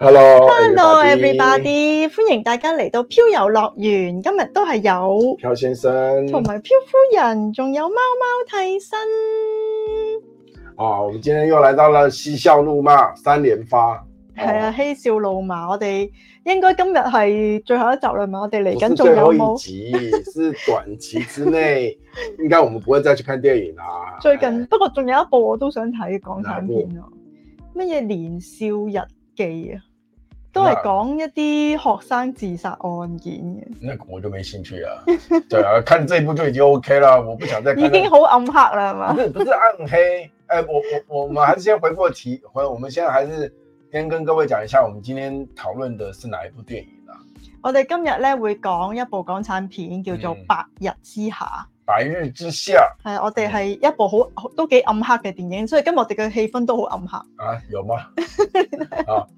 hello，hello everybody，, Hello, everybody 歡迎大家嚟到漂遊樂圓，今日都係有漂先生，同埋漂夫人，仲有貓貓替身。哦，我們今天又來到了嬉笑怒罵三連發。係啊，嬉、哦、笑怒罵，我哋應該今日係最後一集啦，嘛。我哋嚟緊仲有冇？是一集 是短期之內， 應該我們不會再去看電影啦。最近、哎、不過仲有一部我都想睇港產片咯，乜嘢部年少日記啊？都係講一啲學生自殺案件嘅，那我就沒興趣啊。 對啊，看這一部就已經 OK 啦，我不想再看看。 已經好暗黑啦係嘛，不是暗黑，誒、 哎，我我我們還是先回覆個題，回， 我們先還是先跟各位講一下，我們今天討論的是哪一部電影啦、啊？我哋今日咧會講一部港產片，叫做《白日之下》。嗯、白日之下係， 我哋係一部好都幾暗黑嘅電影，所以今日我哋嘅氣氛都好暗黑啊？有嗎？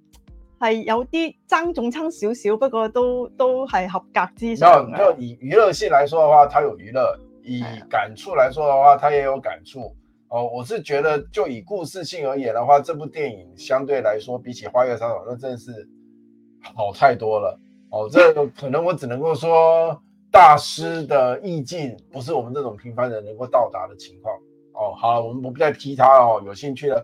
是有啲爭重爭少少，不過都都係合格之上的。就就以娛樂性來說的話，它有娛樂；以感觸來說的話，哎、呀它也有感觸。哦，我是覺得就以故事性而言的話，這部電影相對來說，比起《花月殺手》那真是好太多了。哦，這可能我只能夠說，大師的意境不是我們這種平凡人能夠到達的情況。哦，好，我們不再提他哦。有興趣的。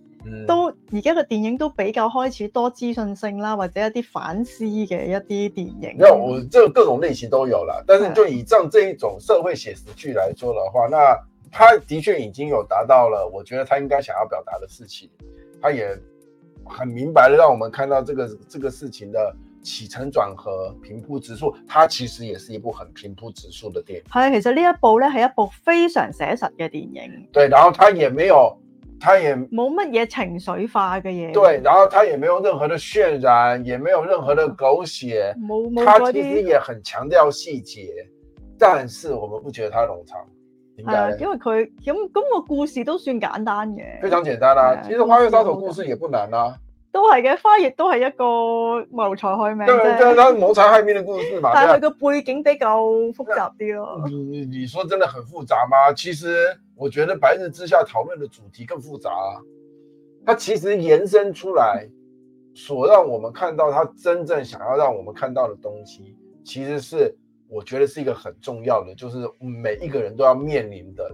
都而家嘅電影都比較開始多資訊性啦，或者一啲反思嘅一啲電影。有、嗯、這就各種類型都有啦，但是就以像這一種社會寫實劇來說嘅話，那他的確已經有達到了，我覺得他應該想要表達嘅事情，他也很明白的讓我們看到這個這個事情嘅起承轉合、平鋪指數。它其實也是一部很平鋪指數嘅電影。係，其實呢一部呢係一部非常寫實嘅電影。對，然後他也沒有。他也冇乜嘢情緒化嘅嘢，對，然後他也沒有任何的渲染，也沒有任何的狗血，冇、啊、他其實也很強調細節，但是我們不覺得它冗長、啊，因為佢咁咁個故事都算簡單嘅，非常簡單啦、啊。的其實《花月殺手》故事也不難啦、啊，都係嘅。花月都係一個謀財害命，對對，謀財害命嘅故事嘛，但係佢個背景比較複雜啲咯、啊。你你、嗯、你說真的很複雜嗎？其實。我覺得《白日之下》討論的主題更複雜，啊，它其實延伸出來，所讓我們看到他真正想要讓我們看到的東西，其實是我覺得是一個很重要的，就是每一個人都要面臨的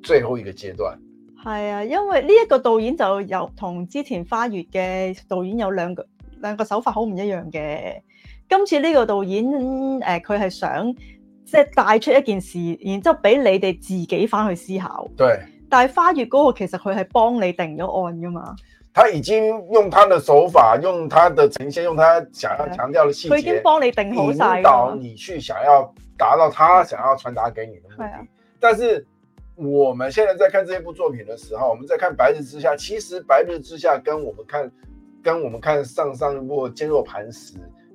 最後一個階段。係啊，因為呢一個導演就有同之前花月嘅導演有兩個兩個手法好唔一樣嘅，今次呢個導演誒，佢，呃，係想。即係帶出一件事，然之後俾你哋自己返去思考。對，但係花月嗰個其實佢係幫你定咗案㗎嘛？佢已經用他的手法、用他的呈現、用他想要強調的細節，已經幫你定好，引導你去想要達到他想要傳達給你的目的。啊、但是我們現在在看這一部作品的時候，我們在看《白日之下》，其實《白日之下》跟我們看跟我們看上上一部《堅若磐石》。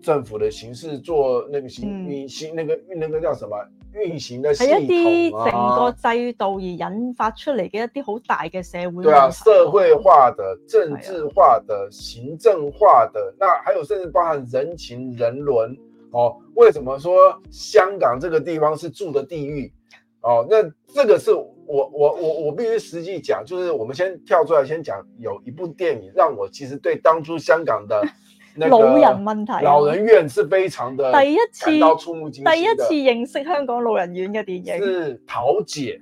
政府的形式做那個行，運行那個那個叫什麼運行的系統啊？係一啲整個制度而引發出來嘅一啲好大嘅社會。對啊，社會化的、政治化的、行政化的，那還有甚至包含人情人倫。哦，為什麼說香港這個地方是住的地獄？哦，那這個是我我我我必須實際講，就是我們先跳出來先講，有一部電影讓我其實對當初香港的。 老人問題，老人院是非常的，的第一次到觸目驚心，第一次認識香港老人院嘅電影，是，是《桃姐》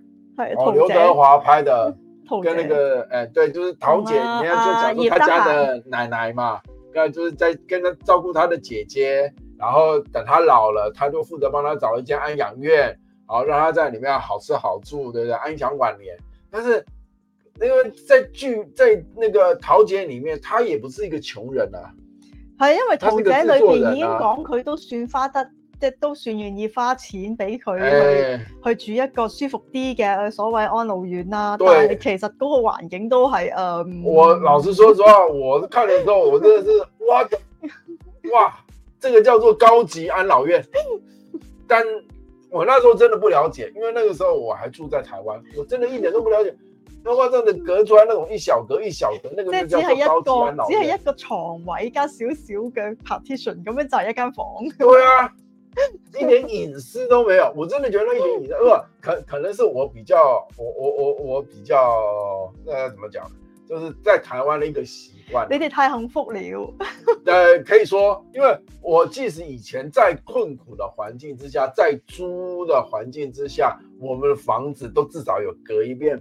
哦，係劉德華拍的，姐跟那個誒姐、哎，對，就是《桃姐》啊，人家就講佢家的奶奶嘛，咁啊就是在跟佢照顧他的姐姐，然後等他老了，他就負責幫他找一間安養院，然後讓他在裡面好吃好住，對唔對？安享晚年，但是那為、個、在劇在那個《桃姐》裡面，她也不是一個窮人啊。係，因為圖者裏邊已經講佢都算花得，即係都算願意花錢俾佢去住，欸，一個舒服啲嘅所謂安老院啦，啊。對但係其實嗰個環境都係誒。嗯，我老實說實話， 我看的時候我真的是哇哇，這個叫做高級安老院。但我那時候真的不了解，因為那個時候我還住在台灣，我真的一點都不了解。咁話真的隔出嚟那種一小格一小格，嗯、那個比較高、啊、只是一個，面只是一個床位加少少嘅 partition，咁樣就係一間房。對啊， 一點隱私都沒有。我真的覺得一點隱私，可、嗯、可能是我比較，我我我我比較，呃、怎麼講，就是在台灣的一個習慣。你哋太幸福了。誒、 呃，可以說，因為我即使以前在困苦的環境之下，在租的環境之下，我們的房子都至少有隔一遍。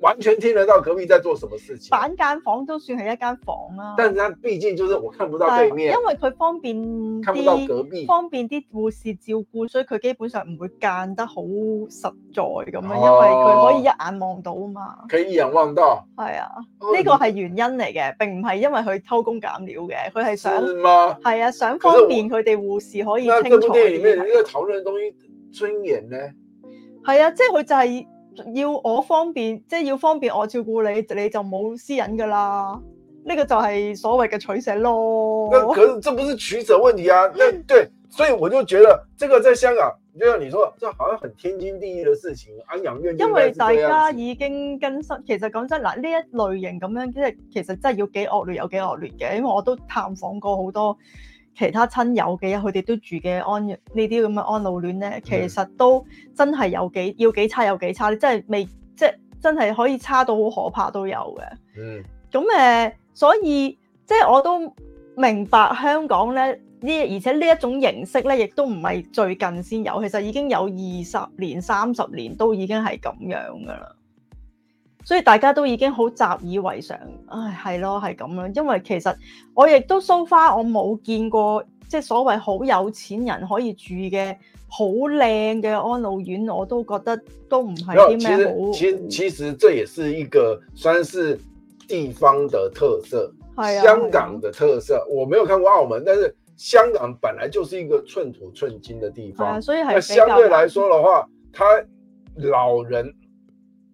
完全聽得到隔壁在做什麼事情，板間房都算係一間房啦、啊。但是佢畢竟就是我看不到對面，因為佢方便看不到隔壁，方便啲護士照顧，所以佢基本上唔會間得好實在咁啊，因為佢可以一眼望到啊嘛。佢一眼望到，係啊，呢個係原因嚟嘅，並唔係因為佢偷工減料嘅，佢係想係嗎啊，想方便佢哋護士可以清楚。但係佢哋裏面要討論嘅東西尊嚴呢？係啊，即係佢就係、是。要我方便，即係要方便我照顧你，你就冇私隱噶啦。呢、這個就係所謂嘅取捨咯。咁，咁，真係唔係取捨問題啊？那 對，所以我就覺得，這個在香港，就像你說，這好像很天經地義的事情。安養院，因為大家已經更新，其實講真，嗱呢一類型咁樣，即係其實真係要幾惡劣，有幾惡劣嘅，因為我都探訪過好多。其他親友嘅佢哋都住嘅安呢啲咁嘅安老院咧，其實都真係有幾要幾差有幾差，你真係未，即係真係可以差到好可怕都有嘅。嗯，咁誒，所以即係我都明白香港咧呢，而且呢一種形式咧，亦都唔係最近先有，其實已經有二十年、三十年都已經係咁樣㗎喇。所以大家都已經好習以為常，唉，係咯，係咁樣。因為其實我亦都、so far，我冇見過即係所謂好有錢人可以住嘅好靚嘅安老院，我都覺得都唔係啲咩好。其實其，其實這也是一個算是地方的特色，啊、香港的特色。啊、我沒有看過澳門，但是香港本來就是一個寸土寸金的地方，啊、所以相對來說的話，他老人。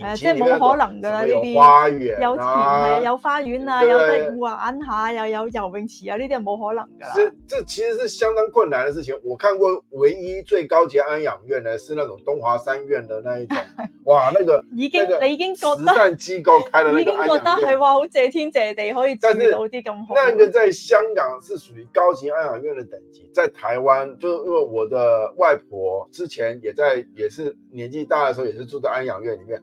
啊，即係冇可能㗎啦呢啲，有田啊，有花園啊，有得玩下，又有游泳池啊，呢啲係冇可能㗎。即即係其實係相當困難的事情。我看過唯一最高級安養院呢，係那種東華三院的那一種。哇，那個已經你已經覺得慈善機構開的那個安養院，係哇好謝天謝地可以做到啲咁好。那個在香港是屬於高級安養院的等級，在台灣就是因為我的外婆之前也在，也是年紀大嘅時候，也是住在安養院裡面。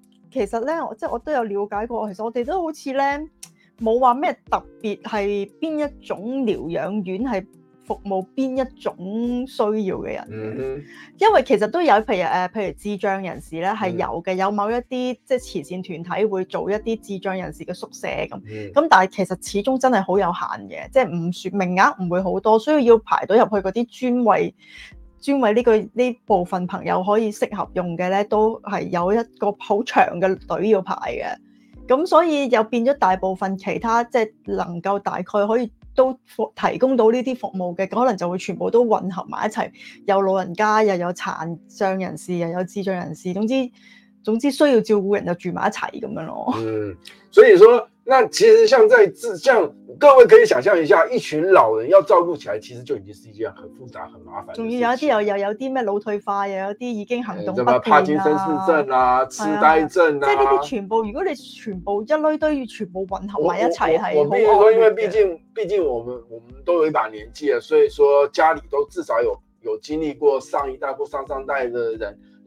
其實咧，我即係我都有了解過。其實我哋都好似咧，冇話咩特別係邊一種療養院係服務邊一種需要嘅人。嗯、哼因為其實都有，譬如誒，譬如智障人士咧係有嘅，嗯、有某一啲即係慈善團體會做一啲智障人士嘅宿舍咁。咁、嗯、但係其實始終真係好有限嘅，即係唔說名額，唔會好多，所以要排到入去嗰啲專位。專為呢個呢部分朋友可以適合用嘅咧，都係有一個好長嘅隊要排嘅。咁所以又變咗大部分其他，即係能夠大概可以都提供到呢啲服務嘅，可能就會全部都混合埋一齊，有老人家又有殘障人士，又有智障人士，總之。總之，需要照顧人就住埋一齊，咁樣咯。嗯，所以說，那其實像在自，像各位可以想象一下，一群老人要照顧起來，其實就已經是一件很複雜、很麻煩的事情了。仲要有一啲又又有啲咩腦退化，又有啲已經行動不便啊、嗯什麼，帕金森氏症啊，痴呆症啊。哎、呀即係呢啲全部，啊、如果你全部一堆堆，全部混合埋一齊，係。我我因為畢竟畢竟我們我們都有一把年紀啊，所以說家裏都至少有有經歷過上一代或上上代的人。嗯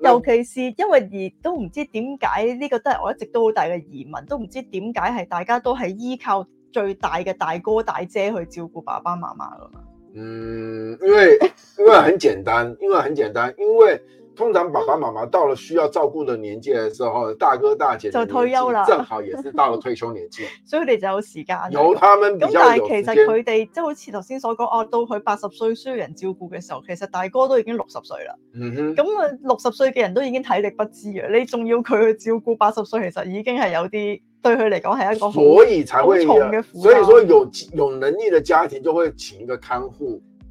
尤其是因為，而都唔知點解呢個都係我一直都好大嘅疑問，都唔知點解係大家都係依靠最大嘅大哥大姐去照顧爸爸媽媽噶嘛？嗯，因為因為， 因為很簡單，因為很簡單，因為。通常爸爸媽媽到了需要照顧的年紀嘅時候，大哥大姐就退休啦，正好也是到了退休年紀， 所以佢哋就有時間有，他有時間，他們。咁但係其實佢哋即係好似頭先所講，哦、啊，到佢八十歲需要人照顧嘅時候，其實大哥都已經六十歲啦。嗯、哼，咁啊六十歲嘅人都已經體力不支啊，你仲要佢去照顧八十歲，其實已經係有啲對佢嚟講係一個所以才會好重嘅負擔。所以有有能力嘅家庭就會請一個看護。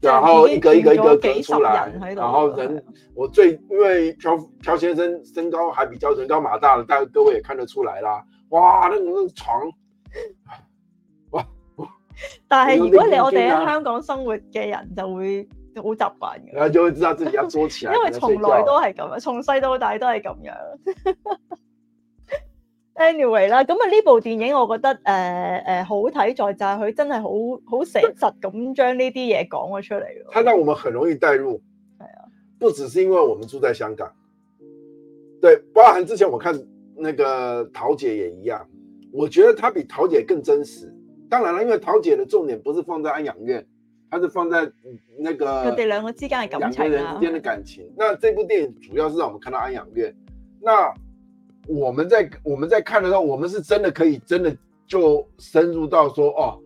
然後一個一個一個隔出來，了然後人、啊、我最因為漂漂先生身高還比較人高馬大啦，但各位也看得出來啦，哇！你、那、咁、個、床，哇！但係如果你我哋喺香港生活嘅人就會好習慣嘅、啊，就會知道自己要坐起來， 因為從來都係咁樣，從細到大都係咁樣。Anyway 啦，咁啊呢部電影我覺得誒誒、呃呃、好睇在就係佢真係好好誠實咁將呢啲嘢講咗出嚟。佢讓我們很容易帶入，的不只是因為我們住在香港，對，包含之前我看那個桃姐也一樣，我覺得她比桃姐更真實。當然啦，因為桃姐的重點不是放在安養院，而是放在那個佢哋兩個之間嘅感情啊，人之間的感情。這那這部電影主要是讓我們看到安養院，那。我們在我們在看的時候，我們是真的可以，真的就深入到說，哦，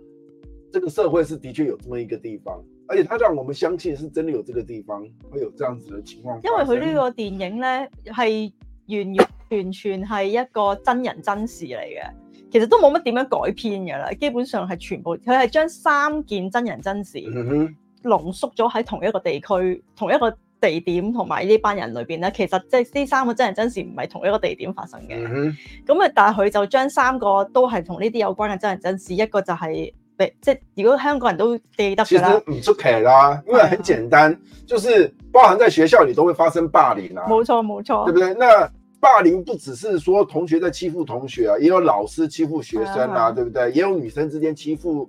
這個社會是的確有這麼一個地方，而且他讓我們相信是真的有這個地方會有這樣子的情況。因為佢呢個電影咧係完完全全係一個真人真事嚟嘅，其實都冇乜點樣改編噶啦，基本上係全部佢係將三件真人真事嗯哼濃縮咗喺同一個地區同一個地點同埋呢班人裏邊呢，其實即係呢三個真人真事唔係同一個地點發生嘅。咁啊、嗯哼，但係佢就將三個都係同呢啲有關嘅真人真事，一個就係、是、即係如果香港人都記得啦。其實唔出奇啦，因為很簡單，是啊、就是包含在學校裏都會發生霸凌啦、啊。冇錯冇錯，錯對不對？那霸凌不只是說同學在欺負同學啊，也有老師欺負學生啦、啊，是啊、是對不對？也有女生之間欺負。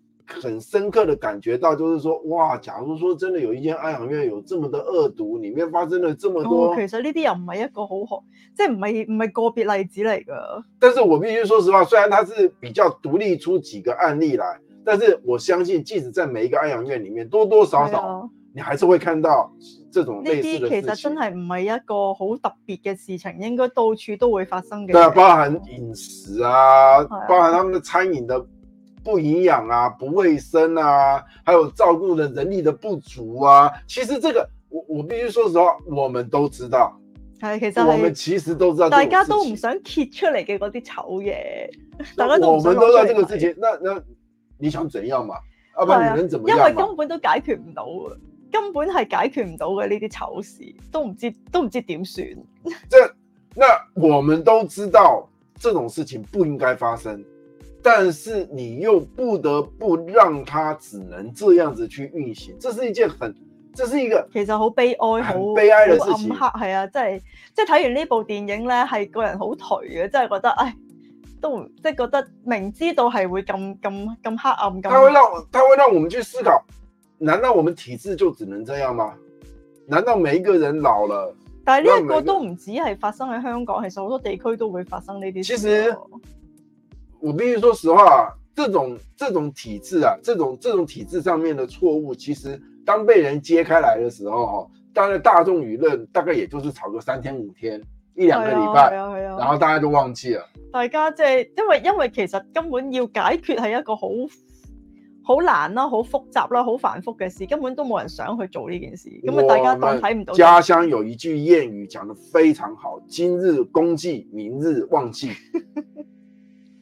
很深刻的感覺到，就是說，哇，假如說真的有一間安養院有這麼的惡毒，裏面發生了這麼多，其實呢，啲又唔係一個好學，即係唔係唔係個別例子嚟噶。但是我必須說實話，雖然它是比較獨立出幾個案例來，但是我相信，即使在每一個安養院裏面，多多少少你還是會看到這種類似的事情。呢啲其實真係唔係一個好特別嘅事情，應該到處都會發生嘅。對啊，包含飲食啊，包含他們嘅餐飲的。不營養啊，不衛生啊，還有照顧的人力的不足啊。其實這個，我我必須說實話，我們都知道。係，其實我們其實都知道大家都。大家都唔想揭出嚟嘅嗰啲醜嘢。大家，都我們都知道這個事情。那那你想怎樣嘛？阿伯、啊，你能怎麼樣？因為根本都解決唔到啊，根本係解決唔到嘅呢啲醜事，都唔知都唔知點算。即係， 那我們都知道，這種事情不應該發生。但是你又不得不讓它只能這樣子去運行，這是一件很，這是一個其實好悲哀，好悲，悲哀的事情。暗黑係啊，真係即係睇完呢部電影咧，係個人好頹嘅，即係覺得，唉，都即係覺得明知道係會咁咁咁黑暗咁。它會讓我，他會讓我們去思考，難道我們體制就只能這樣嗎？難道每一個人老了？但係呢一個都唔止係發生喺香港，其實好多地區都會發生呢啲事啊。其實我必須說實話，這種這種體制啊，這種這種體制上面的錯誤，其實當被人揭開來的時候，哈，大概大眾輿論大概也就是炒個三天五天，一兩個禮拜，啊啊啊、然後大家都忘記了。大家這、即係、因為因為其實根本要解決，係一個好好難啦、啊，好複雜啦、啊，好繁複嘅事，根本都冇人想去做呢件事。咁大家都睇唔到。家鄉有一句諺語講得非常好：今日功績，明日忘記。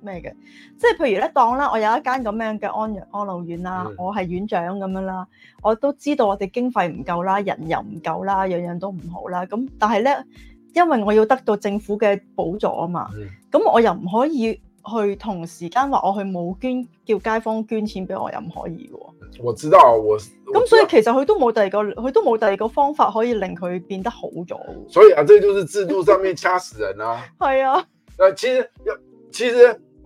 咩嘅？即係譬如咧，當啦我有一間咁樣嘅安安老院啦，我係院長咁樣啦，我都知道我哋經費唔夠啦，人又唔夠啦，樣樣都唔好啦。咁但係咧，因為我要得到政府嘅補助啊嘛，咁、嗯、我又唔可以去同時間話我去冇捐，叫街坊捐錢俾我，又唔可以嘅。我知道我咁，所以其實佢都冇第二個，佢都冇第二個方法可以令佢變得好咗。所以啊，這就是制度上面掐死人啦。係啊，誒、 啊，其實其實。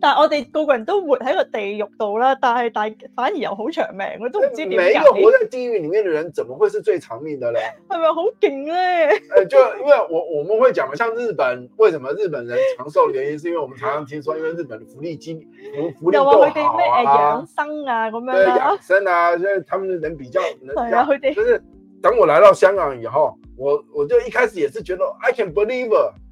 但我哋個個人都活喺個地獄度啦，但係，但反而又好長命，我都唔知點解。沒有活在地獄裡面嘅人，怎麼會是最長命嘅咧？係咪好勁咧？欸？誒、呃，就因為我我們會講嘛，像日本為什麼日本人長壽原因，是因為我們常常聽說，因為日本的福利金福福利都好啊。又話佢哋咩誒養生啊咁樣。養、呃、生啊，因係、啊啊、他們人比較，係啊，佢哋。就是等我來到香港以後，我我就一開始也是覺得，I can believe。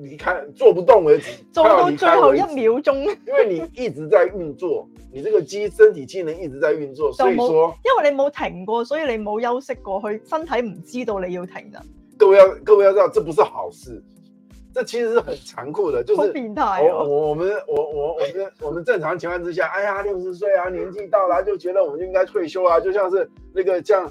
你看，做不動為止，做到最後，到最後一秒鐘。因為你一直在運作， 你這個機身體機能一直在運作，所以說，因為你冇停過，所以你冇休息過，佢身體唔知道你要停的。各位要各位要知道，這不是好事，這其實是很殘酷的，就是很變態哦，我我我們我我我們 我們正常情況之下，哎呀，六十歲啊，年紀到了就覺得我們應該退休啊，就像是那個像。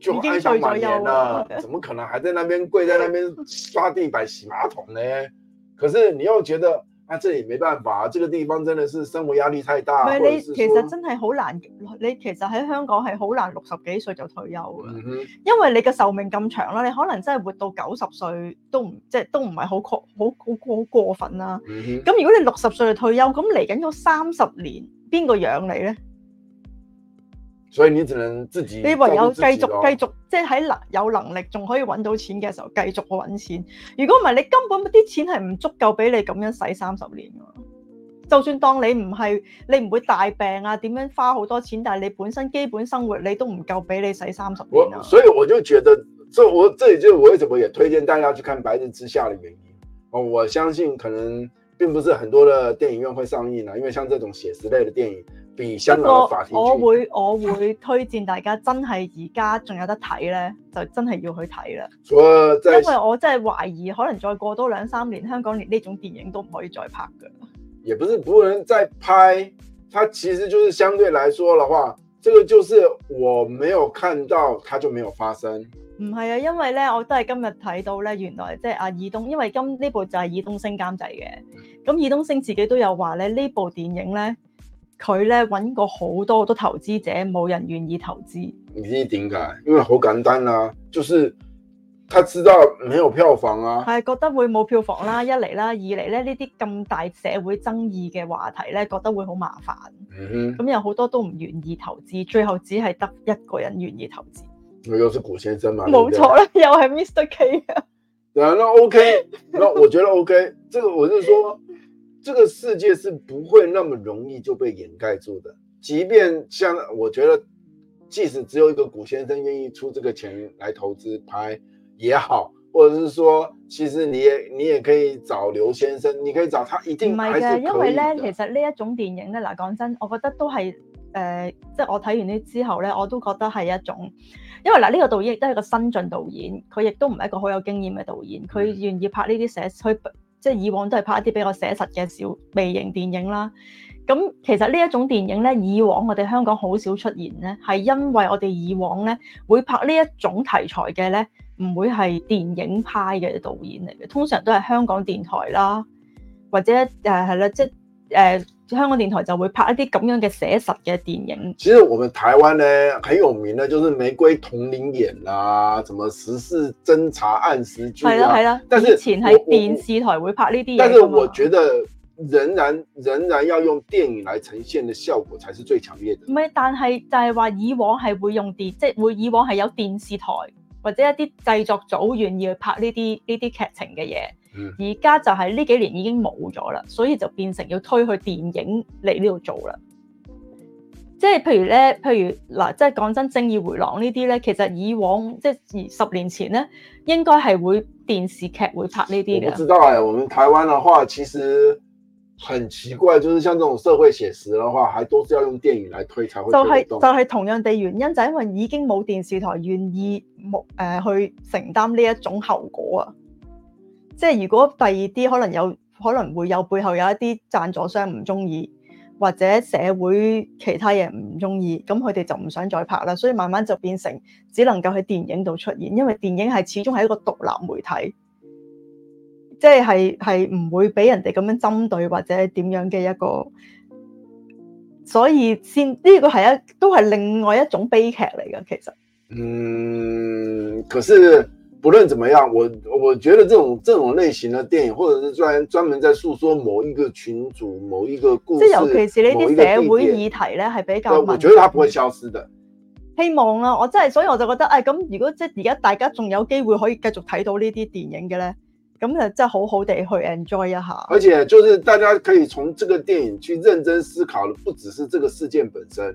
想安享晚年啦，怎麼可能還在那邊跪在那邊刷地板、洗馬桶呢？ 可是你又覺得，啊，這裡沒辦法，這個地方真的是生活壓力太大。唔係是你其實真係好難，你其實喺香港係好難六十幾歲就退休㗎，嗯、哼因為你嘅壽命咁長啦，你可能真係活到九十歲都唔即係都唔係好過好好好過分啦。咁、嗯、哼如果你六十歲就退休，咁嚟緊嗰三十年邊個養你咧？所以你只能自己，自己，你唯有繼續繼續，即係喺能有能力仲可以揾到錢嘅時候繼續去揾錢。如果唔係，你根本啲錢係唔足夠俾你咁樣使三十年噶。就算當你唔係你唔會大病啊，點樣花好多錢，但係你本身基本生活你都唔夠俾你使三十年。我所以我就覺得，我就我這裏就我為什麼也推薦大家去看《白日之下》的原因。哦，我相信可能並不是很多的電影院會上映啦，啊，因為像這種寫實類的電影。比個我會我會推薦大家，真係而家仲有得睇呢， 就真係要去睇啦。因為我真係懷疑，可能再過多兩三年，香港連呢種電影都唔可以再拍嘅。也不是不能再拍，它其實就是相對來說嘅話，這個就是我沒有看到，它就沒有發生。唔係啊，因為呢，我都係今日睇到呢，原來即係阿爾冬，因為今呢部就係爾冬陞監製嘅。咁爾、嗯、冬陞自己都有話咧，呢部電影呢。佢咧揾過好多好多投資者，冇人願意投資。唔知點解，因為好簡單啦、啊，就是他知道沒有票房啊，係覺得會冇票房啦，一嚟啦，二嚟咧呢啲咁大社會爭議嘅話題咧，覺得會好麻煩。咁、嗯、哼有好多都唔願意投資，最後只係得一個人願意投資。又係古先生嘛？冇錯啦，又係 Mr. K 啊。嗱、OK，都 OK，那我覺得 OK， 這個我是說。這個世界是不會那麼容易就被掩蓋住的。即便像我覺得，即使只有一個古先生願意出這個錢來投資拍也好，或者是說，其實你也你也可以找劉先生，你可以找他，一定唔係嘅，因為咧，其實呢一種電影咧，嗱，講真，我覺得都係誒、呃，即我睇完呢之後咧，我都覺得係一種，因為嗱，呢、這個導演亦都係個新晉導演，佢亦都唔係一個好有經驗嘅導演，佢願意拍呢啲社區，佢、嗯。即係以往都係拍一啲比較寫實嘅小微型電影啦。咁其實呢一種電影咧，以往我哋香港好少出現咧，係因為我哋以往咧會拍呢一種題材嘅咧，唔會係電影派嘅導演嚟嘅，通常都係香港電台啦，或者誒係啦，即係誒。即係誒。香港電台就會拍一啲咁樣嘅寫實嘅電影。其實我們台灣呢很有名嘅，就是《玫瑰瞳鈴眼》啦，什麼時事偵查，啊《十四偵查案》時劇，係啦係啦。以前喺電視台會拍呢啲嘢。但是我覺得仍然仍然要用電影嚟呈現嘅效果，才是最強烈的。嘅。唔係，但係就係話以往係會用電，即係會以往係有電視台或者一啲製作組願意去拍呢啲呢啲劇情嘅嘢。而家就係呢幾年已經冇咗啦，所以就變成要推去電影嚟呢度做啦。即係譬如咧，譬如嗱、啊，即係講真，正義回廊呢啲咧，其實以往即係十年前咧，應該係會電視劇會拍呢啲嘅。我知道誒，我哋台灣嘅話，其實很奇怪，就是像這種社會寫實嘅話，還都是要用電影嚟推才會推、就是，就係就係同樣嘅原因，就係、是、因為已經冇電視台願意目誒、呃、去承擔呢一種後果啊。即係如果第二啲可能有可能會有背後有一啲贊助商唔中意，或者社會其他嘢唔中意，咁佢哋就唔想再拍啦。所以慢慢就變成只能夠喺電影度出現，因為電影係始終係一個獨立媒體，即係係唔會俾人哋咁樣針對或者點樣嘅一個，所以先呢個係一都係另外一種悲劇嚟嘅其實。嗯，可是。不論怎麼樣，我我覺得這種這種類型的電影，或者是專專門在訴說某一個群組、某一個故事、即尤其是呢啲社會議題呢，係比較我覺得它不會消失的。希望啊，我真係，所以我就覺得，哎，咁如果即係而家大家仲有機會可以繼續睇到呢啲電影嘅咧，咁就真係好好地去 enjoy 一下。而且就是大家可以從這個電影去認真思考的，不只是這個事件本身，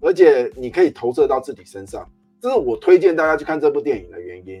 而且你可以投射到自己身上。這、就是我推薦大家去看這部電影的原因。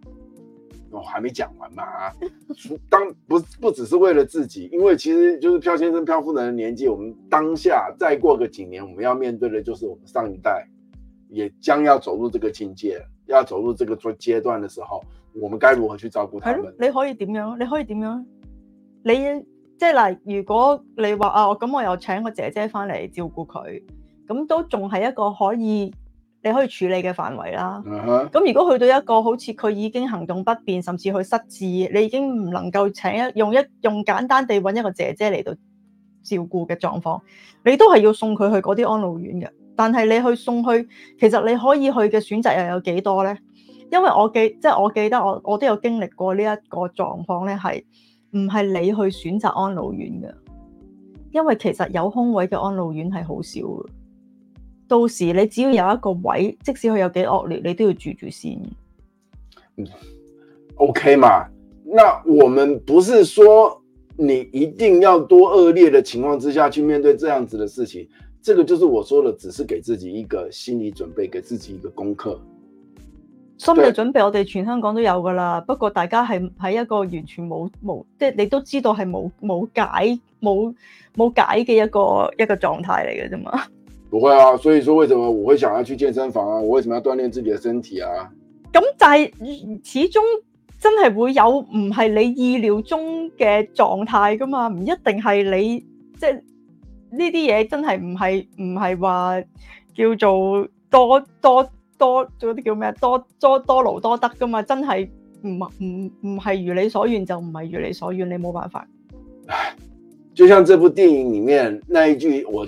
我、哦、還沒講完嘛，當不不只是為了自己，因為其實就是漂先生、漂夫人的年紀，我們當下再過個幾年，我們要面對的就是我們上一代也將要走入這個境界，要走入這個階段的時候，我們該如何去照顧他們？你可以點樣？你可以點樣？你即係嗱，如果你話啊，咁我又請個姐姐翻嚟照顧佢，咁都仲係一個可以。你可以處理嘅範圍啦，咁、uh huh。如果去到一個好似佢已經行動不便，甚至去失智，你已經唔能夠請一用一用簡單地搵一個姐姐嚟到照顧嘅狀況，你都係要送佢去嗰啲安老院嘅。但係你去送去，其實你可以去嘅選擇又有幾多咧？因為我記，即係我記得我我都有經歷過呢一個狀況咧，係唔係你去選擇安老院嘅？因為其實有空位嘅安老院係好少嘅。到時你只要有一個位，即使佢有幾惡劣，你都要住住先。嗯、okay 嘛？那我們不是說你一定要多惡劣的情況之下去面對這樣子的事情。這個就是我說的，只是給自己一個心理準備，給自己一個功課。心理準備我哋全香港都有噶啦，對不過大家係喺一個完全冇冇，即你都知道係冇冇解冇冇解嘅一個一個狀態嚟嘅啫嘛。不會啊，所以說為什麼我會想要去健身房啊？我為什麼要鍛煉自己的身體啊？咁就係始終真係會有唔係你意料中嘅狀態噶嘛，唔一定係你，即係呢啲嘢真係唔係唔係話叫做多多多嗰啲叫咩多多多勞多得噶嘛，真係唔唔唔係如你所願就唔係如你所願，你冇辦法。就像這部電影裏面那一句我。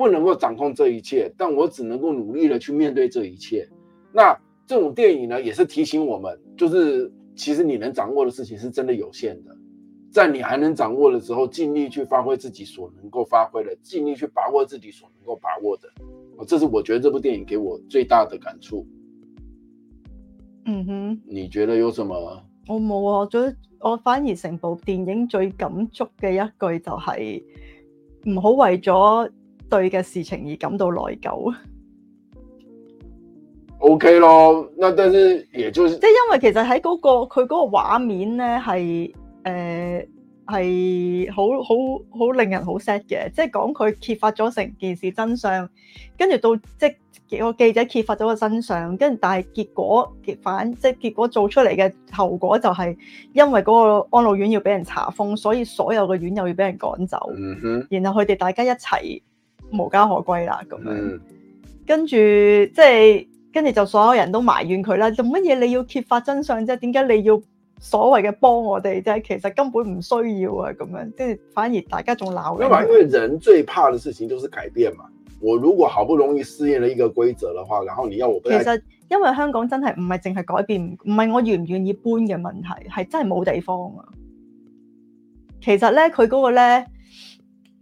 不能夠掌控這一切，但我只能夠努力的去面對這一切。那這種電影呢，也是提醒我們，就是其實你能掌握的事情是真的有限的，在你還能掌握的時候，盡力去發揮自己所能夠發揮的，盡力去把握自己所能夠把握的。這是我覺得這部電影給我最大的感觸。嗯哼、mm，hmm. 你覺得有什麼？我冇啊，我覺得我反而成部電影最感觸嘅一句就係唔好為咗，對嘅事情而感到內疚、okay。O K 咯，即係因為其實喺嗰、那個佢嗰個畫面咧係誒係好好好令人好 sad 嘅，即係講佢揭發咗成件事真相，跟住到即係個記者揭發咗個真相，跟住但係結果反，即係結果做出嚟嘅後果就係因為嗰個安老院要俾人查封，所以所有嘅院又要俾人趕走。Mm-hmm. 然後佢哋大家一齊無家可歸啦，咁樣，嗯、跟住即係，跟住就所有人都埋怨佢啦。做乜嘢你要揭發真相啫？點解你要所謂嘅幫我哋？即係其實根本唔需要啊，咁樣，即係反而大家仲鬧。因為因為人最怕的事情就是改變嘛。我如果好不容易適應了一個規則的話，然後你要我不其實因為香港真係唔係淨係改變，唔係我願唔願意搬嘅問題，係真係冇地方啊。其實咧，佢嗰個咧。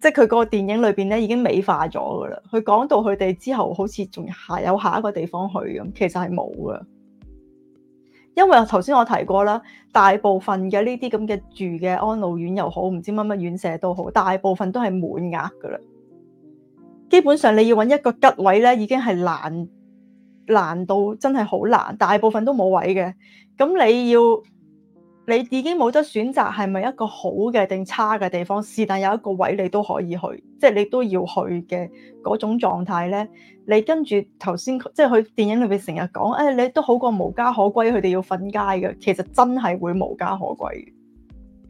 即係佢個電影裏邊咧已經美化咗㗎喇，佢講到佢哋之後好似仲下有下一個地方去咁，其實係冇㗎。因為頭先我提過啦，大部分嘅呢啲咁嘅住嘅安老院又好，唔知乜乜院舍都好，大部分都係滿額㗎喇。基本上你要揾一個吉位咧，已經係難，難到真係好難，大部分都冇位嘅。咁你要？你已經冇得選擇，係咪一個好嘅定差嘅地方？是但有一個位你都可以去，即係你都要去嘅嗰種狀態咧。你跟住頭先，即係佢電影裏邊成日講，誒、哎，你都好過無家可歸，佢哋要瞓街嘅。其實真係會無家可歸嘅。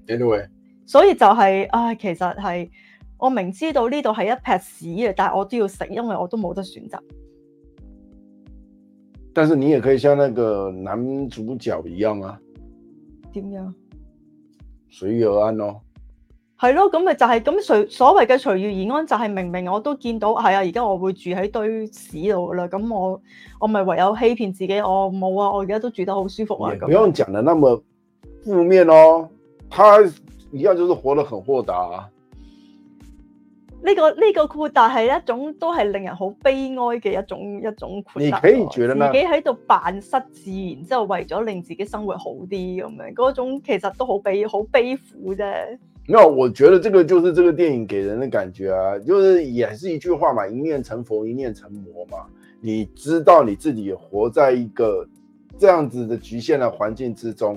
你都係，所以就係、是，唉、啊，其實係我明知道呢度係一劈屎嘅，但係我都要食，因為我都冇得選擇。但是你也可以像那個男主角一樣啊。點樣隨、哦就是、遇而安咯，係咯，咁咪就係咁隨所謂嘅隨遇而安，就係明明我都見到係啊，而、哎、家我會住喺堆屎度啦，咁我我咪唯有欺騙自己，我、哦、冇啊，我而家都住得好舒服啊，唔用講得那麼負面咯、哦，樣他一樣就是活得很豁達。呢、這個呢、這個豁達係一種都係令人好悲哀嘅一種一種豁達，你可以覺得呢，自己喺度扮失自然，之後為咗令自己生活好啲咁樣，嗰種其實都好悲好悲苦啫。冇，我覺得這個就是這個電影給人的感覺啊，就是也是一句話嘛，一念成佛，一念成魔嘛。你知道你自己活在一個這樣子的局限的環境之中。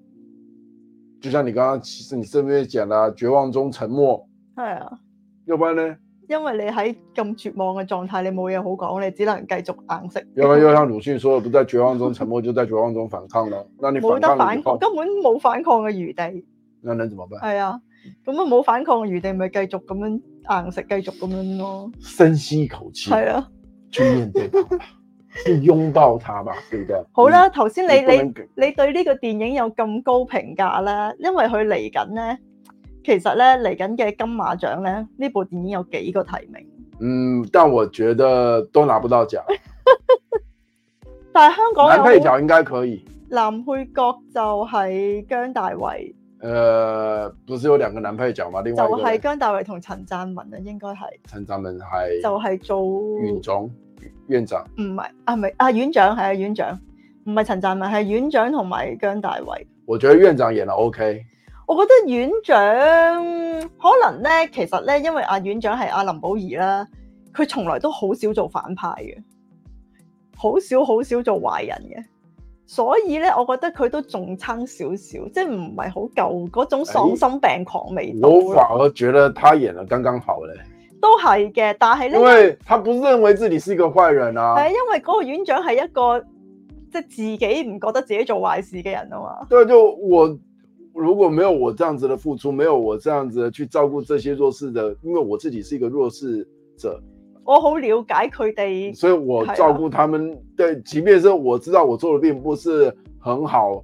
就像你剛剛，其實你身邊講啦，絕望中沉默。係啊，要不然呢？因為你喺咁絕望嘅狀態，你冇嘢好講，你只能繼續硬食。要不然又像魯迅說，你不在絕望中沉默， 就在絕望中反抗咯。那你冇得反抗，根本冇反抗嘅餘地。那能怎麼辦？係啊，咁啊冇反抗嘅餘地，咪繼續咁樣硬食，繼續咁樣咯，啊。深吸一口氣，係啊，去面對 先擁抱他吧，記得。好啦，頭先你你你對呢個電影有咁高評價咧，因為佢嚟緊咧，其實咧，嚟緊嘅金馬獎咧，呢部電影有幾個提名？嗯，但我覺得都拿不到獎。但係香港男配角應該可以。男配角就係姜大衛。誒，不是有兩個男配角嗎？另外就係姜大衛同陳湛文啊，應該係。陳湛文係就係做袁總。院長唔係啊，唔係阿院長係阿院長，唔係陳湛文係院長同埋、啊、姜大衞。我覺得院長演得 OK。我覺得院長可能咧，其實咧，因為阿院長係阿林保怡啦，佢從來都好少做反派嘅，好少好少做壞人嘅，所以咧，我覺得佢都仲差少少，即係唔係好夠嗰種喪心病狂味道、欸。我反而我覺得他演得剛剛好咧。都係嘅，但係呢，因為他不認為自己是一個壞人啊。係啊，因為嗰個院長係一個即係、就是、自己唔覺得自己做壞事嘅人啊嘛。對，就我如果沒有我這樣子的付出，沒有我這樣子去照顧這些弱勢者，因為我自己是一個弱勢者，我好了解佢哋，所以我照顧他們。的對，即便是我知道我做的並不是很好。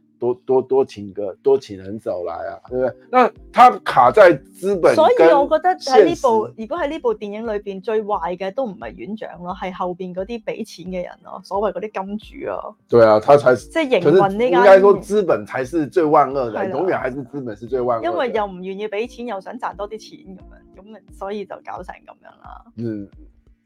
多多多請個多請人走來啊，對不對？那他卡在資本，所以我覺得喺呢部如果喺呢部電影裏邊最壞嘅都唔係院長咯，係後邊嗰啲俾錢嘅人咯，所謂嗰啲金主咯。對啊，他才是即係營運呢間應該說資本才是最萬惡嘅，永遠、啊、還是資本是最萬惡、啊。因為又唔願意俾錢，又想賺多啲錢咁樣，咁啊，所以就搞成咁樣啦。嗯。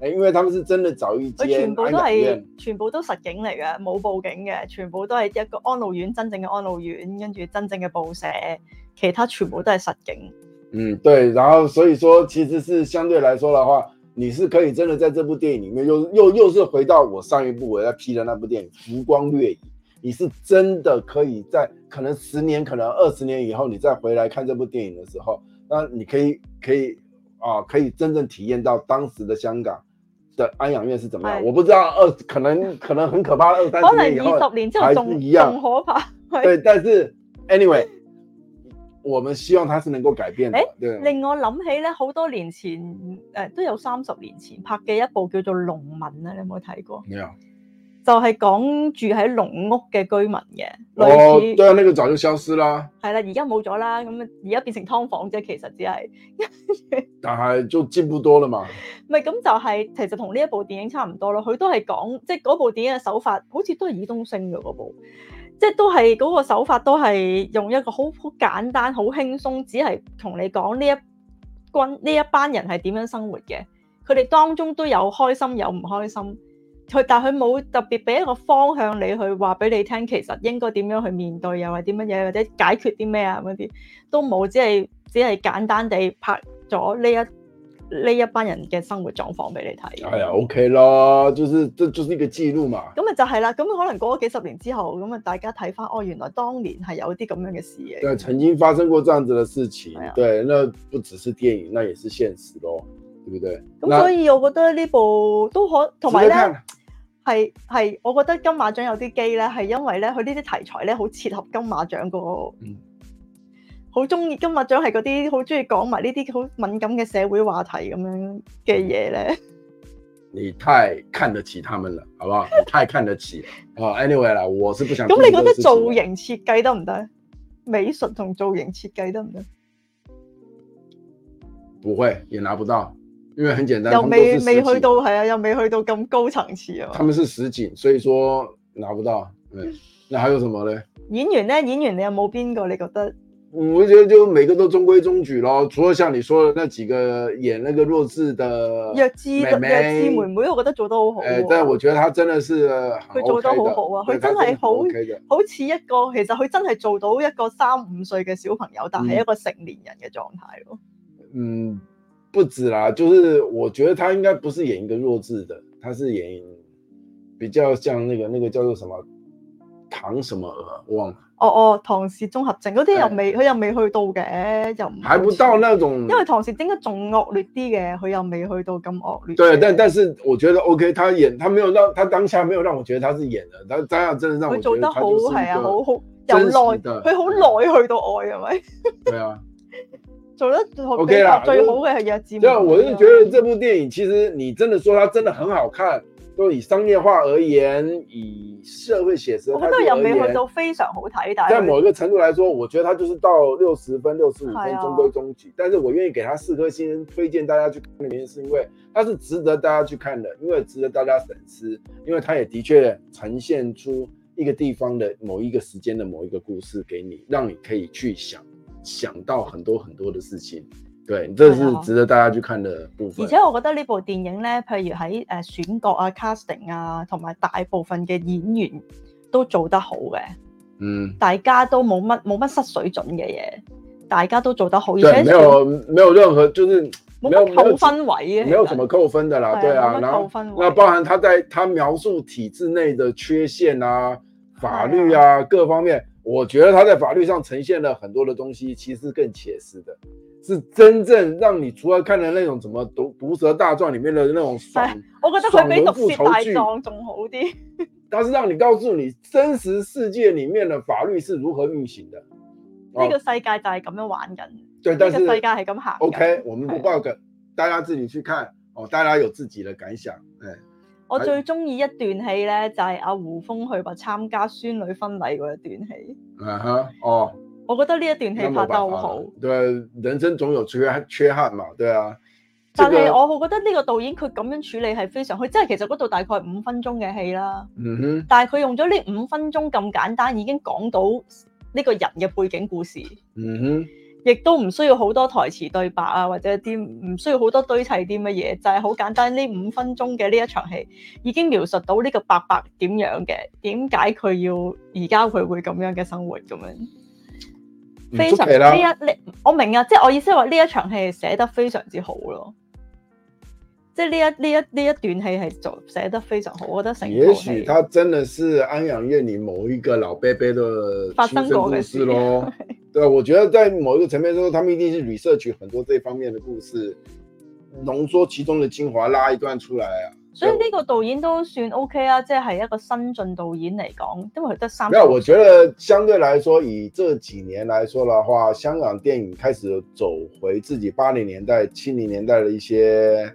因為他們是真的找一間，全部都係全部都實景嚟嘅，冇布景嘅，全部都係一個安老院，真正嘅安老院，跟住真正嘅報社，其他全部都係實景。嗯，對，然後所以說，其實是相對來說的話，你是可以真的在這部電影裏面，又又又是回到我上一部我要批嘅那部電影《浮光掠影》，你是真的可以在可能十年、可能二十年以後，你再回來看這部電影的時候，那你可以可以啊，可以真正體驗到當時的香港。的安養院是怎麼樣？是我不知道，二、呃、可能可能很可怕，二三十年之後還是一樣，更可怕。 對，但是 anyway， 我們希望它是能夠改變的。誒、欸，對令我諗起咧，好多年前誒、欸，都有三十年前拍嘅一部叫做《籠民》啊，你有冇睇過？Yeah. 就係講住喺籠屋嘅居民嘅。哦，對啊，那個早就消失啦。係啦，而家冇咗啦，咁而家變成劏房啫，其實只係， 但係就進步多了嘛，唔係咁就係，其實同呢一部電影差唔多咯，佢都係講，即係嗰部電影嘅手法，好似都係爾冬陞嘅嗰部，即係都係嗰個手法，都係用一個好好簡單、好輕鬆，只係同你講呢一軍呢一班人係點樣生活嘅，佢哋當中都有開心有唔開心。佢但佢冇特別俾一個方向你去話俾你聽，其實應該點樣去面對，又或點乜嘢，或者解決啲咩啊，嗰啲都冇，只係只係簡單地拍咗呢一呢一班人嘅生活狀況俾你睇。哎呀，OK 啦，就是，這就是一個記錄嘛。咁啊就係啦，咁可能過咗幾十年之後，咁啊大家睇翻，哦，原來當年係有啲咁樣嘅事嘅。曾經發生過這樣子嘅事情，啊、對，那不只是電影，那也是現實咯，對不對？咁所以我覺得呢部都可，同埋咧。係係，我覺得金馬獎有啲機咧，係因為咧佢呢啲題材咧好切合金馬獎個，嗯，好中意金馬獎係嗰啲好中意講埋呢啲好敏感嘅社會話題咁樣嘅嘢咧。你太看得起他們了，好不好？你太看得起了。anyway 啦，我是不想。咁你覺得造型設計得唔得？美術同造型設計得唔得？不會，也拿不到。因為很簡單，又未沒未去到係啊，又未去到咁高層次啊。他們是實景，所以說拿不到。嗯， 那還有什麼呢？演員咧，演員你有冇邊個你覺得、嗯？我覺得就每個都中規中矩咯，除咗像你說的那幾個演那個弱智的弱智弱智妹妹，我覺得做得好好、啊欸。但係我覺得他真的是佢做得好好啊，佢、okay、的真係好真好似、okay、一個，其實佢真係做到一個三五歲嘅小朋友，但係一個成年人嘅狀態咯。嗯。不止啦，就是我覺得他應該不是演一個弱智的，他是演比較像那個那個叫做什麼唐什麼，忘了。哦哦，唐氏綜合症，嗰啲、欸、又未，佢又未去到嘅，又唔係還不到那種。因為唐氏應該仲惡劣啲嘅，佢又未去到咁惡劣。對，但但是我覺得 OK，他演他沒有讓他當下沒有讓我覺得他是演的，他當下真的讓我覺得他、就是、他做得好係、就是、啊，對好好有耐。佢好耐去到愛係咪？嗯、是是對啊。做得最好 OK 啦，最好的是《日字幕》。即我是覺得這部電影其實你真的說它真的很好看。都以商業化而言，以社會寫實而言。我覺得入面都非常好睇。但在某一個程度來說，我覺得它就是到六十分、六十五分中規中矩。是啊、但是我願意給它四顆星星，推薦大家去看。是因為它是值得大家去看的，因為值得大家反思，因為它也的確呈現出一個地方的某一個時間的某一個故事，給你，讓你可以去想。想到很多很多的事情，對，這是值得大家去看的部分。嗯、部分而且我覺得呢部電影咧，譬如喺誒選角啊、casting 啊，同埋大部分嘅演員都做得好嘅。嗯，大家都冇乜冇乜失水準嘅嘢，大家都做得好。對，而且沒有沒有任何，就是冇冇扣分位嘅，沒有什麼扣分的啦。對啊，然後扣分位，那包含他在他描述體制內的缺陷啊、法律啊,啊各方面。我覺得他在法律上呈現了很多的東西，其實更切實的是真正讓你除了看的那種什麼毒毒舌大狀裏面的那種、哎、我覺得爽比毒舌大狀仲好啲。它 是讓你告訴你真實世界裏面的法律是如何運行的，呢個世界就係咁樣玩緊，呢個世界係咁行。OK，我們不爆梗，的大家自己去看哦，大家有自己的感想，對、哎我最中意一段戲咧，哎、就係阿胡楓去話，參加孫女婚禮嗰一段戲。啊吓哦！Huh. Oh. 我覺得呢一段戲拍得好好，啊。對，人生總有缺缺憾嘛，對啊。但係是、這個、我好覺得呢個導演佢咁樣處理係非常，佢即係其實嗰度大概五分鐘嘅戲啦。嗯哼。但係佢用咗呢五分鐘咁簡單，已經講到呢個人嘅背景故事。嗯哼。亦都唔需要好多台詞對白啊，或者啲唔需要好多堆砌啲乜嘢，就係、是、好簡單。呢五分鐘嘅呢一場戲，已經描述到呢個伯伯點樣嘅，點解佢要而家佢會咁樣嘅生活咁樣，非常呢一，我明啊，即係我意思係話呢一場戲寫得非常之好咯。即係呢一呢一呢一段戲係做寫得非常好，我覺得成。也許他真的是安養院裏某一個老伯伯 b 的生故發生過嘅事咯對。 對，我覺得在某一個層面之中，他們一定是 research 很多這方面的故事，濃縮其中的精華，拉一段出來啊。所以呢個導演都算 OK 啊，即係一個新晉導演嚟講，因為佢得三。沒有，我覺得相對來說，以這幾年來說的話，香港電影開始走回自己八零年代、七零年代的一些。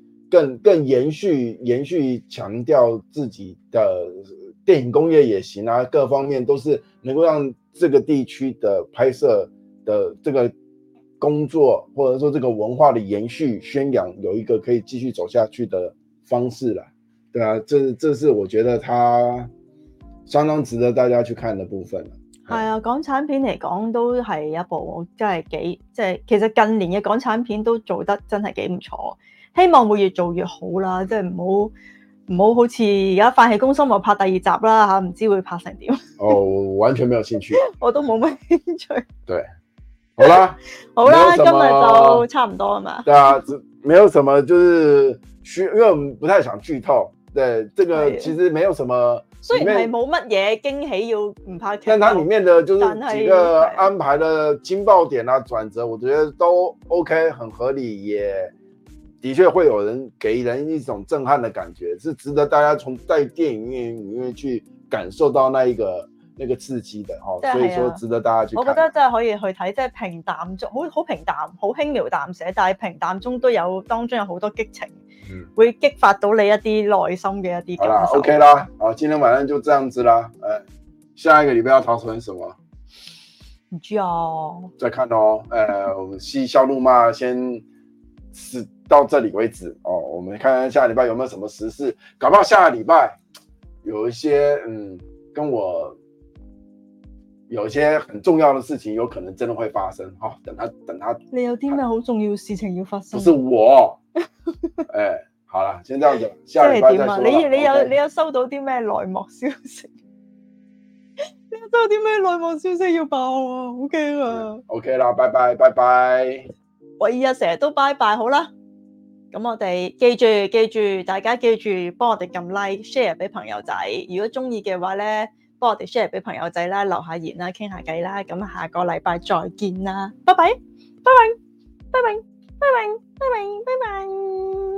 更更延續延續強調自己的電影工業也行啊，各方面都是能夠讓這個地區的拍攝的這個工作，或者說這個文化的延續宣揚有一個可以繼續走下去的方式啦。對啊，這是這是我覺得它相當值得大家去看的部分啦。係啊，港產片嚟講都係一部真係幾即係，其實近年嘅港產片都做得真係幾唔錯。希望會越做越好啦，即係唔好唔好好似而家《飯戲攻心》又拍第二集啦吓，唔知會拍成點？哦，完全沒有興趣， 我都冇乜興趣。對，好啦， 好啦，今日就差唔多啊嘛。對啊，冇沒有什麼，就，啊、什麼就是劇，因為我們不太想劇透。對，這個其實沒有什麼。雖然係冇乜嘢驚喜要不，要唔怕拍？但係它裏面的就是幾個安排的驚爆點啦、啊、轉折，我覺得都 OK，很合理，也。的確會有人給人一種震撼的感覺，是值得大家從在電影院裏面去感受到那一個那個刺激的、就是、哦。所以說值得大家去。我覺得真係可以去睇，即、就、係、是、平淡中好好平淡，好輕描淡寫，但係平淡中都有當中有好多激情，嗯，會激發到你一啲內心嘅一啲感受。啦，OK 啦，好，今天晚上就這樣子啦，誒、呃，下一個禮拜要討論什麼？叫、啊、再看咯、哦，誒、呃，我們戲笑怒罵先，是。到這裏為止哦，我們看看下禮拜有沒有什麼時事，搞不好下禮拜有一些嗯，跟我有一些很重要的事情，有可能真的會發生哈、哦。等他等他，你有啲咩好重要事情要發生？不是我，哎、 欸，好啦，先這樣子。真係點啊？你你有 OK 你有收到啲咩內幕消息？ 你有收到啲咩內幕消息要爆啊？好驚啊嗯！OK 啦，拜拜拜拜。我依日成日都拜拜，好啦。咁我哋記住記住，大家記住幫我哋撳 like share 俾朋友仔。如果中意嘅話咧，幫我哋 share 俾朋友仔啦，留下言啦，傾下偈啦。咁下個禮拜再見啦，拜拜，拜拜，拜拜，拜拜，拜拜，拜拜拜。